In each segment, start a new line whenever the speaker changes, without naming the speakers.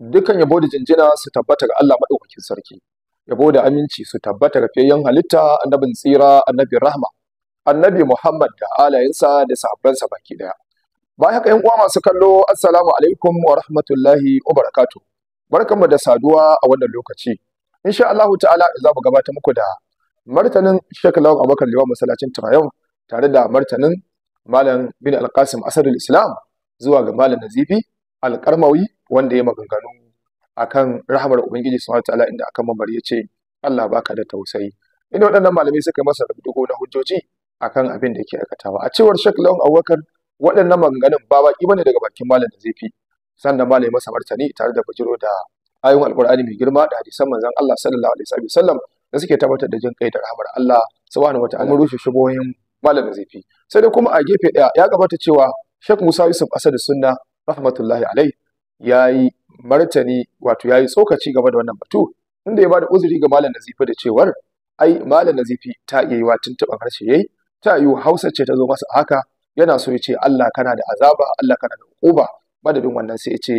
dukan yabo da jinjina su tabbata ga Allah madaukakin sarki yabo da aminci su tabbata ga fiyayyen halitta annabin tsira annabin rahma annabi Muhammad da alayensa da sahabbansa baki daya ba haka yan uwa masu kallo assalamu alaikum wa rahmatullahi wa barakatuh barkanmu da saduwa a wannan lokaci insha Allah ta'ala za mu gabatar muku da martanin Sheikh Lawan Abubakar Liwa masallacin Tarayyum tare da martanin Malam bin Alkasim Asadul Islam zuwa ga Malam Nazifi alƙarmawi wanda ya maganganu kan rahamar ubangiji subhanahu wataala inda aka mambar ya ce Allah baka da tausayi inda waɗannan malamai suka masa rubutu na hujjoji a kan abin da ke aikatawa a cewar shek Lawan Abubakar waɗannan maganganun ba baki ne daga bakin malam da zafi sannan malam masa martani tare da bajiro da ayon alkur'ani mai girma da hadisan manzan Allah sallallahu alaihi sallam da suke tabbatar da jin kai da rahamar Allah subhanahu wata mun rushe shubohin malam da zafi sai dai kuma a gefe ɗaya ya gabata cewa shek Musa Yusuf Asad Sunna rahmatullahi alai ya yi martani wato ya yi tsokaci game da wannan batu inda ya ba da uzuri ga malam nazifi da cewar ai malam nazifi ta iya yi wa taɓa harshe yayi ta yi hausa ce ta zo masa haka yana so ya ce Allah kana da azaba Allah kana da uquba madadin wannan sai ya ce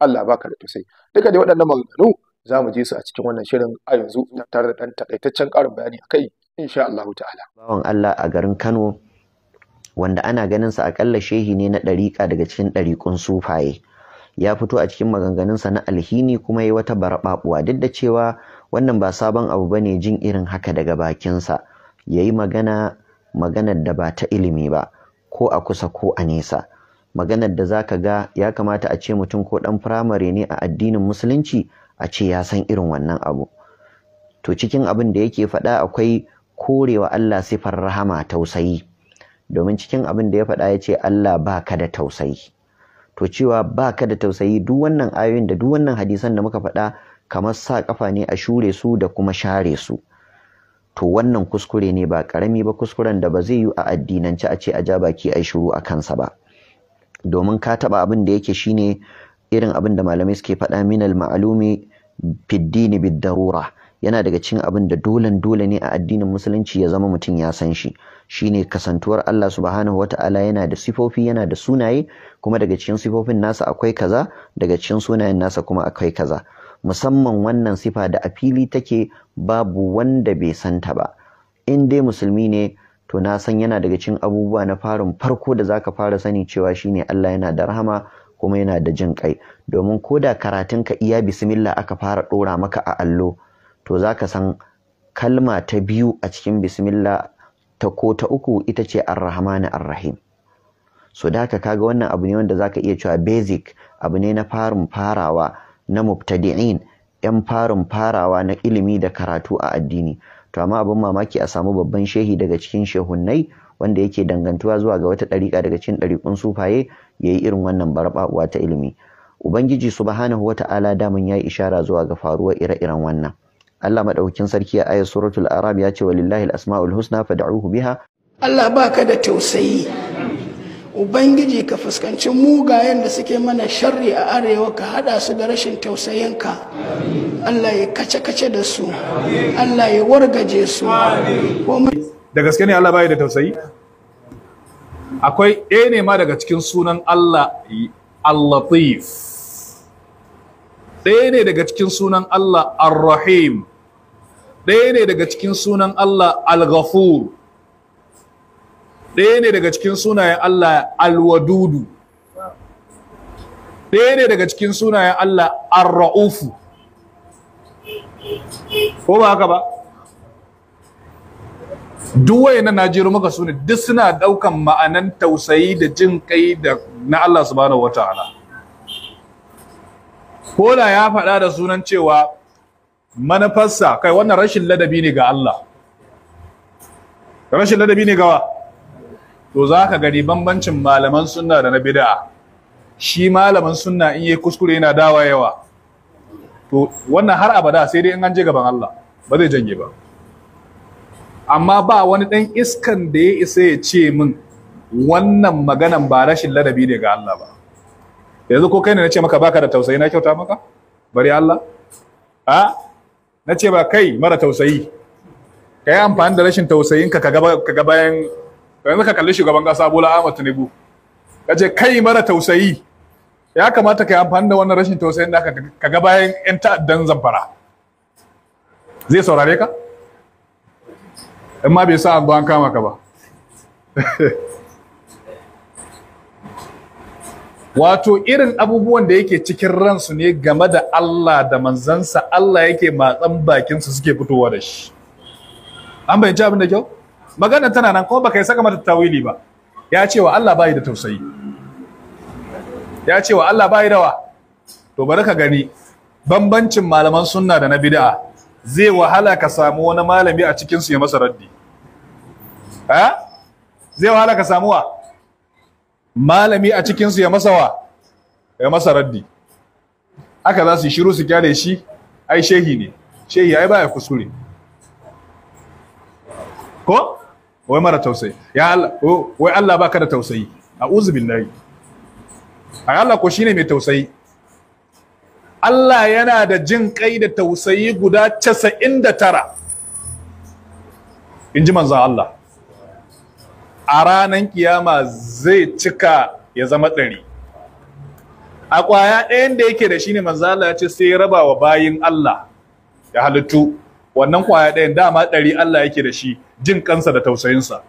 Allah baka da tusai duka dai waɗannan maganganu za mu je su a cikin wannan shirin a yanzu tare da ɗan taƙaitaccen ƙarin bayani a akai insha Allah ta'ala
bawan Allah a garin Kano wanda ana ganin sa akalla shehi ne na ɗariƙa daga cikin ɗariƙun sufaye ya fito a cikin maganganunsa na alhini kuma yi wata barbabuwa duk da cewa wannan ba sabon abu ba ne jin irin haka daga bakinsa ya yi magana maganar da ba ta ilimi ba ko a kusa ko a nesa maganar da za ka ga ya kamata a ce mutum ko ɗan firamare ne a addinin musulunci a ce ya san irin wannan abu to cikin abin da yake faɗa akwai korewa Allah sifar rahama tausayi domin cikin abin da ya faɗa ya ce Allah ba ka da tausayi to cewa ba ka da tausayi duk wannan ayoyin da duk wannan hadisan da muka faɗa kamar sa kafa ne a shure su da kuma share su to wannan kuskure ne ba karami ba kuskuren da ba zai yi a addinance a ce a ja baki a shiru a kansa ba domin ka taɓa abin da yake shine irin abin da malamai suke faɗa minal ma'alumi fiddini bid darura yana daga cikin abin da dolen dole ne a addinin musulunci ya zama mutum ya san shi shine kasantuwar Allah subhanahu wata'ala yana da sifofi yana da sunaye kuma daga cikin sifofin nasa akwai kaza daga cikin sunayen nasa kuma akwai kaza musamman wannan sifa da a fili take babu wanda bai santa ba in dai musulmi ne to na san yana daga cikin abubuwa na farin farko da zaka fara sani cewa shine Allah yana da rahama kuma yana da jin kai domin ko da karatun ka iya bismillah aka fara dora maka a allo to za ka san kalma ta biyu a cikin bismillah ta ko ta uku ita ce arrahmanu arrahim so da ka kaga wannan abu ne wanda za ka iya cewa basic abu ne na farin farawa na mubtadi'in yan farin farawa na ilimi da karatu a addini to amma abin mamaki a samu babban shehi daga cikin shehunnai wanda yake dangantuwa zuwa ga wata ɗariƙa daga cikin ɗariƙun sufaye ya yi irin wannan barbaɓuwa ta ilimi ubangiji subhanahu wata'ala ala damun ya yi ishara zuwa ga faruwar ire-iren wannan Allah madaukakin sarki a ayat suratul aram ya ce walillahi al-asma'ul husna fad'uhu biha
Allah baka da tausayi ubangiji ka fuskanci mugayen da suke mana sharri a arewa ka hada su da rashin tausayinka Allah ya kace-kace da su Allah ya wargaje
su da gaske ne Allah bai da tausayi akwai ɗaya ne ma daga cikin sunan Allah al-latif ɗaya ne daga cikin sunan Allah ar-rahim ɗaya ne daga cikin sunan Allah al-ghafur ɗaya ne daga cikin sunayen Allah al-wadudu ɗaya ne daga cikin sunayen Allah al raufu ko ba haka ba duk na jero maka suna duk suna ɗaukan ma'anan tausayi da jin kai da na Allah subhanahu wata'ala ko da ya faɗa da sunan cewa manufarsa kai wannan rashin ladabi ne ga Allah rashin ladabi ne gawa to za ka gani bambancin malaman sunna da na bid'a shi malaman sunna in yi kuskure yana dawa yawa to wannan har abada sai dai in an je gaban Allah ba zai janye ba amma ba wani ɗan iskan da ya isa ya ce min wannan maganan ba rashin ladabi ne ga Allah ba yanzu ko kai ne na ce maka baka da tausayi na kyauta maka bari Allah a na ce ba kai mara tausayi ka yi amfani da rashin tausayinka ka ga bayan yanzu ka kalli shugaban kasa bola ahmad tinubu ka ce kai mara tausayi ya kamata ka yi amfani da wannan rashin tausayin da ka ga bayan yan ta'addan zamfara zai saurare ka in ma bai sa an kama ka ba wato irin abubuwan da yake cikin ransu ne game da Allah da manzansa Allah yake matsan bakinsu suke fitowa da shi an bayyanci abin da kyau magana tana nan kuma baka yi saka mata tawili ba ya ce wa Allah bai da tausayi ya ce wa Allah bai da to bari ka gani bambancin malaman sunna da na bid'a zai wahala ka samu wani malami a cikin su ya masa raddi ha eh? zai wahala ka samuwa malami a cikinsu ya masa wa ya masa raddi aka za su shiru su kyale shi ai shehi ne shehi ai baya kusure ko wai mara tausayi ya Allah wai Allah baka da tausayi a'udhu billahi ai Allah ko shine mai tausayi Allah yana da jin kai da tausayi guda 99 in ji manzon Allah a ranan kiyama zai cika ya zama ɗari a ƙwaya ɗayan da yake da shi ne manzala ya ce sai ya raba wa bayin Allah ya halittu wannan ƙwaya ɗayan dama ɗari Allah yake da shi jin kansa da tausayinsa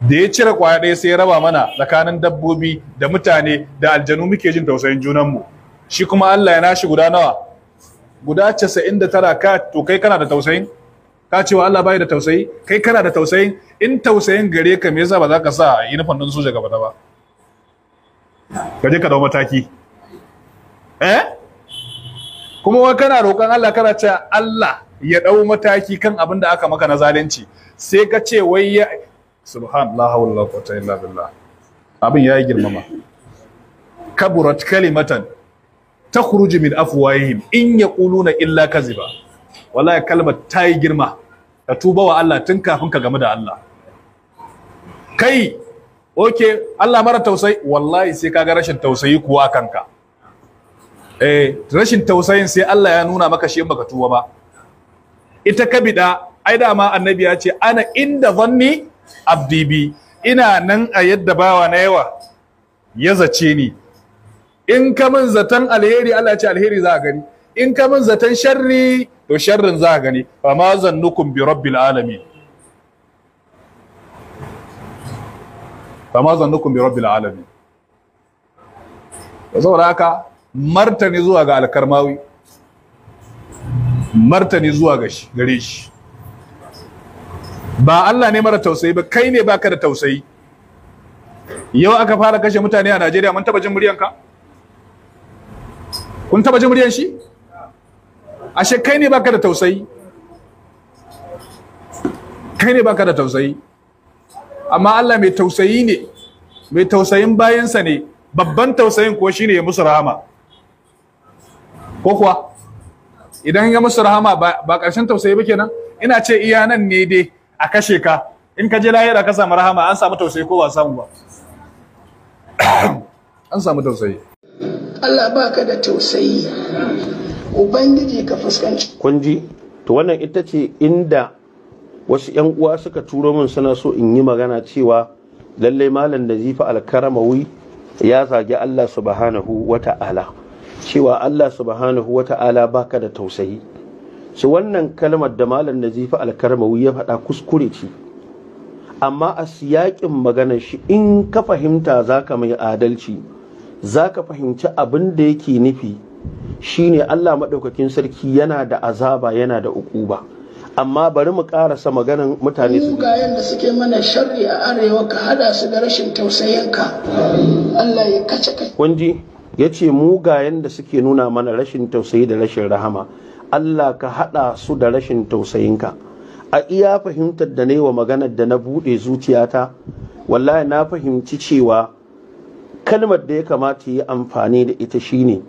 da ya cire ƙwaya ɗaya sai ya raba mana tsakanin dabbobi da mutane da aljanu muke jin tausayin junanmu shi kuma Allah ya nashi guda nawa guda casa'in da tara ka to kai kana da tausayin ka ce wa Allah bai da tausayi kai kana da tausayi? in tausayin gare ka me yasa ba za ka sa uniform din soja gaba ba ka je ka dawo mataki eh kuma wa kana roƙon Allah kana cewa Allah ya dawo mataki kan abin da aka maka na zalunci sai ka ce wai ya wa la quwwata illa billah abin yayi girmama kaburat kalimatan takhruju min afwahihim in yaquluna illa kaziba wallahi kalmar ta yi girma ka tuba wa Allah tun kafin ka gamu da Allah kai oke Allah mara tausayi wallahi sai ka ga rashin tausayi kuwa kanka eh rashin tausayin sai Allah ya nuna maka shi baka tuba ba ita kabida ai ma annabi ya ce ana inda zanni abdibi. ina nan a yadda bawa na yawa ya zace ni in ka min zaton alheri Allah ya ce alheri za a gani in ka min zaton sharri to sharrin za a gani Ba ma zannukum bi rabbil alamin Ba ma zannukum bi rabbil alamin saboda haka martani zuwa ga alkarmawi martani zuwa ga shi gare shi ba Allah ne mara tausayi ba kai ne baka da tausayi yau aka fara kashe mutane a Najeriya mun taba jin muryanka kun taba jin muryan shi ashe kai ne baka da tausayi kai ne baka da tausayi amma Allah mai tausayi ne mai tausayin bayansa ne babban tausayin ko shine ya musu rahama ko kuwa idan ya musu rahama ba ƙarshen tausayi ba kenan ina ce iya nan ne dai a kashe ka in ka je lahira ka samu rahama an samu tausayi ko ba samu ba an samu tausayi
Allah baka da tausayi ubangiji ka fuskanci kun ji to wannan ita ce inda wasu yan uwa suka turo min suna so in yi magana cewa lalle malam nazifa alkaramawi ya zagi Allah subhanahu wata'ala cewa Allah subhanahu wata'ala baka da tausayi su wannan kalmar da malam nazifa alkaramawi ya faɗa kuskure ce amma a siyakin maganar shi in ka fahimta zaka mai adalci zaka fahimci abin da yake nufi shine Allah maɗaukakin sarki yana da azaba yana da ukuba amma bari mu ƙarasa maganan mutane su mugayen da suke mana sharri a arewa ka hada su da rashin tausayinka Allah ya kace kunji yace mugayen da suke nuna mana rashin tausayi da rashin rahama Allah ka hada su da rashin tausayin ka. a iya fahimtar da na wa maganar da na buɗe zuciyata wallahi na fahimci cewa kalmar da ya kamata yi amfani da ita shine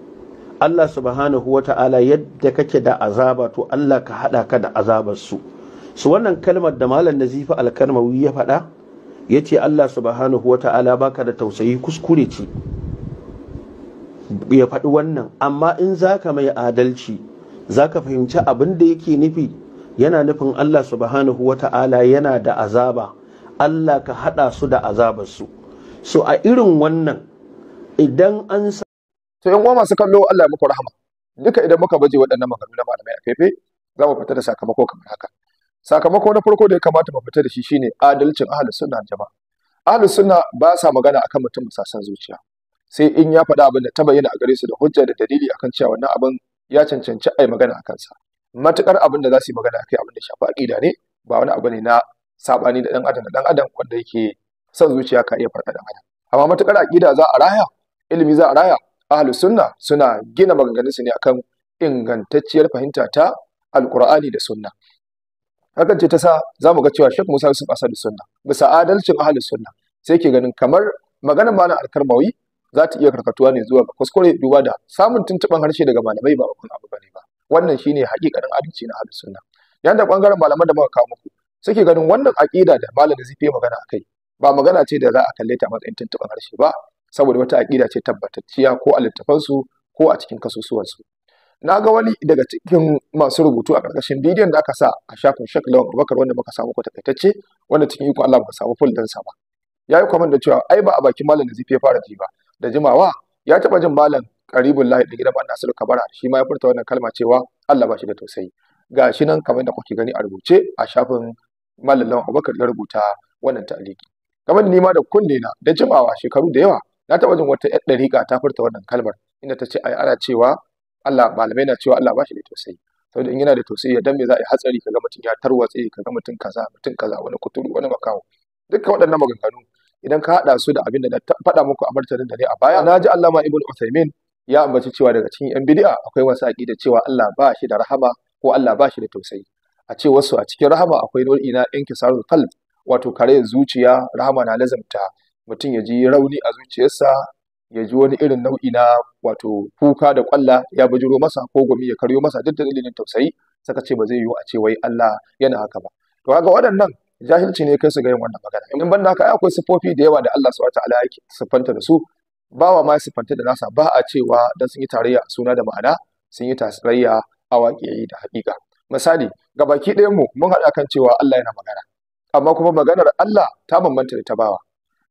Allah subhanahu wa ta'ala yadda kake da azaba to Allah ka haɗa ka da azabarsu su wannan kalmar da malam nazifa alkarmawi ya faɗa ya ce Allah subhanahu wa ta'ala baka da tausayi kuskure ce ya faɗi wannan amma in zaka mai adalci zaka fahimci abin da yake nufi yana nufin Allah subhanahu wa ta'ala yana da azaba Allah ka haɗa su da azabarsu so a irin wannan idan an to yan uwa masu kallo Allah ya
muku rahama duka idan muka baje waɗannan maganganu na malamai a kaife za mu fita da sakamako kamar haka sakamako na farko da ya kamata mu fita da shi shine adalcin ahlus sunna jama'a ahlus sunna ba sa magana akan mutum musasan zuciya sai in ya faɗa abin da ta bayyana a gare su da hujja da dalili akan cewa wannan abin ya cancanci ai magana akan sa matukar abin da za su yi magana akai abin da shafi aqida ne ba wani abu ne na sabani da dan adam da dan adam wanda yake son zuciya ka iya farka dan adam amma matukar aqida za a raya ilimi za a raya ahlus sunna suna gina maganganun su ne akan ingantacciyar fahimta ta alqur'ani da sunna hakan ce ta sa zamu ga cewa shek Musa Yusuf Asadu sunna bisa adalcin ahlus sunna sai ke ganin kamar maganar malam alkarmawi za ta iya karkatuwa ne zuwa ga kuskure duba da samun tuntuɓen harshe daga malamai ba babban abu bane ba wannan shine hakikanin adalci na ahlus sunna da bangaren malaman da muka kawo muku suke ganin wannan aƙida da malam da zife magana akai ba magana ce da za a kalle ta matsayin tuntuɓen harshe ba saboda wata aƙida ce tabbatacciya ko a littafansu ko a cikin kasusuwansu na ga wani daga cikin masu rubutu a ƙarƙashin bidiyon da aka sa a shafin Sheikh lawan abubakar wanda muka samu ko takaitacce wanda cikin ikon allah muka samu full dansa ba ya yi kwamen da cewa ai ba a bakin malam da zai fara ji ba da jimawa ya taɓa jin malam karibun lahi da gidan nasiru kabara shi ma ya furta wannan kalma cewa allah ba shi da tausayi ga shi nan kamar da kuke gani a rubuce a shafin malam lawan abubakar ya rubuta wannan ta'aliki kamar ni ma da kunne na da jimawa shekaru da yawa na taɓa jin wata yar ɗariƙa ta furta wannan kalmar inda ta ce ai ana cewa Allah malamai na cewa Allah bashi shi da tausayi saboda in yana da tausayi dan me za a yi hatsari kaga mutun ya tarwatse kaga mutun kaza mutun kaza wani kuturu wani makawo dukkan waɗannan maganganu idan ka haɗa su da abin da na faɗa muku a martanin da ne a baya naji ji Allah ma ibnu ya ambaci cewa daga cikin yan bid'a akwai wasu da cewa Allah ba shi da rahama ko Allah ba shi da tausayi a ce wasu a cikin rahama akwai nau'i na inkisarul qalb wato kare zuciya rahama na lazamta mutum ya ji rauni a zuciyarsa ya ji wani irin nau'i na wato kuka da kwalla ya bujiro masa ko gumi ya karyo masa duk da dalilin tausayi saka ce ba zai yiwu a ce wai Allah yana haka ba to kaga waɗannan jahilci ne kai su ga yin wannan magana in banda haka ai akwai sifofi da yawa da Allah subhanahu wataala yake siffanta da su bawa ma siffanta da nasa ba a cewa dan sun yi tarayya a suna da ma'ana sun yi tasirayya a waƙiyayi da haƙiƙa misali ga baki ɗayan mu mun haɗa kan cewa Allah yana magana amma kuma maganar Allah ta bambanta da ta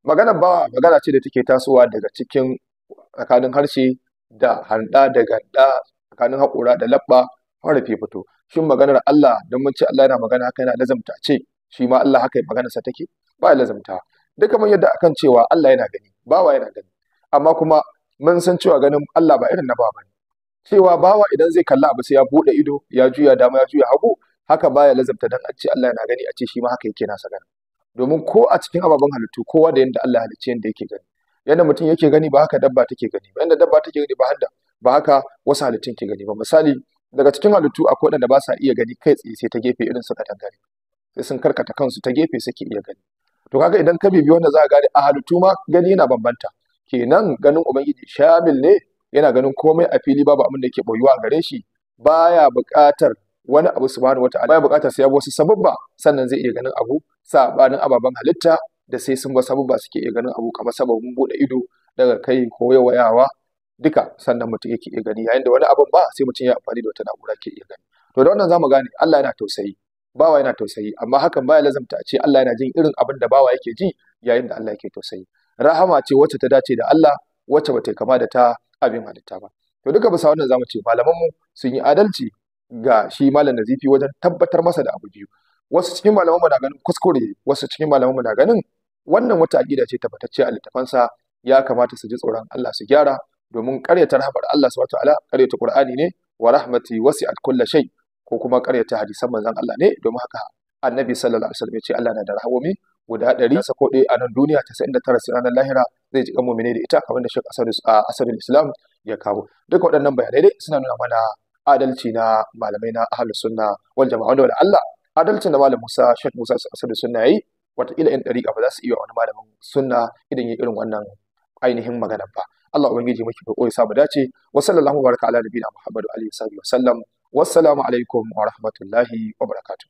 maganar bawa magana ce da take tasowa daga cikin tsakanin harshe da handa da ganda tsakanin haƙura da labba harafi fito shin maganar Allah don mun ce Allah yana magana haka yana lazamta ce shi ma Allah haka maganarsa take ba ya lazamta duka mun yadda akan cewa Allah yana gani bawa yana gani amma kuma mun san cewa ganin Allah ba irin na bawa bane cewa bawa idan zai kalla abu sai ya bude ido ya juya dama ya juya hagu haka baya lazabta dan a ce Allah yana gani a ce shi ma haka yake nasa ganin domin ko a cikin ababen halittu kowa da yadda Allah halicci yadda yake gani yadda mutum yake gani ba haka dabba take gani ba yadda dabba take gani ba ba haka wasu halittun ke gani ba misali daga cikin halittu akwai waɗanda ba sa iya gani kai tsaye sai ta gefe irin su katangare sai sun karkata kansu ta gefe suke iya gani to kaga idan ka bibi wanda za a gane a halittu ma gani yana bambanta kenan ganin ubangiji shamil ne yana ganin komai a fili babu abin da yake boyuwa gare shi baya buƙatar wani abu su subhanahu Ba ya bukata yabo su sabu sababba sannan zai iya ganin abu sabanin ababen halitta da sai sun ba sababba suke iya ganin abu kamar sababin buɗe ido daga kai ko yawayawa duka sannan mutum yake iya gani yayin da wani abu ba sai mutum ya amfani da wata na'ura ke iya gani to da wannan zamu gane Allah yana tausayi bawa yana tausayi amma hakan baya lazamta a ce Allah yana jin irin abin da bawa yake ji yayin da Allah yake tausayi rahama ce wacce ta dace da Allah wacce bata kama da ta abin halitta ba to duka bisa wannan zamu ce malaman mu sun yi adalci ga shi malam nazifi wajen tabbatar masa da abu biyu wasu cikin malaman mu na ganin kuskure wasu cikin malaman mu na ganin wannan wata aqida ce tabbatacce a sa ya kamata su ji tsoron Allah su gyara domin ƙaryata rahmar Allah subhanahu wala, karyata Qur'ani ne wa rahmati wasi'at kulli shay ko kuma karyata hadisan manzon Allah ne domin haka annabi sallallahu alaihi wasallam ya ce Allah na da rahawomi guda ɗari sa ko ɗaya a nan duniya tasa'in da tara sai ranar lahira zai ji kan mumine da ita kamar da a asarin Islam ya kawo duk waɗannan bayanai dai suna nuna mana adalci na malamai na ahalus sunna wal jama'a da Allah adalcin da malam Musa Sheikh Musa Asadu sunna yayi wataƙila yan ɗariƙa ba za su iya wani malamin sunna idan ya irin wannan ainihin maganar ba Allah ubangiji muke ko ya saba dace wa sallallahu baraka ala nabiyina Muhammadu alaihi wa sallam wassalamu alaikum wa rahmatullahi wa barakatuh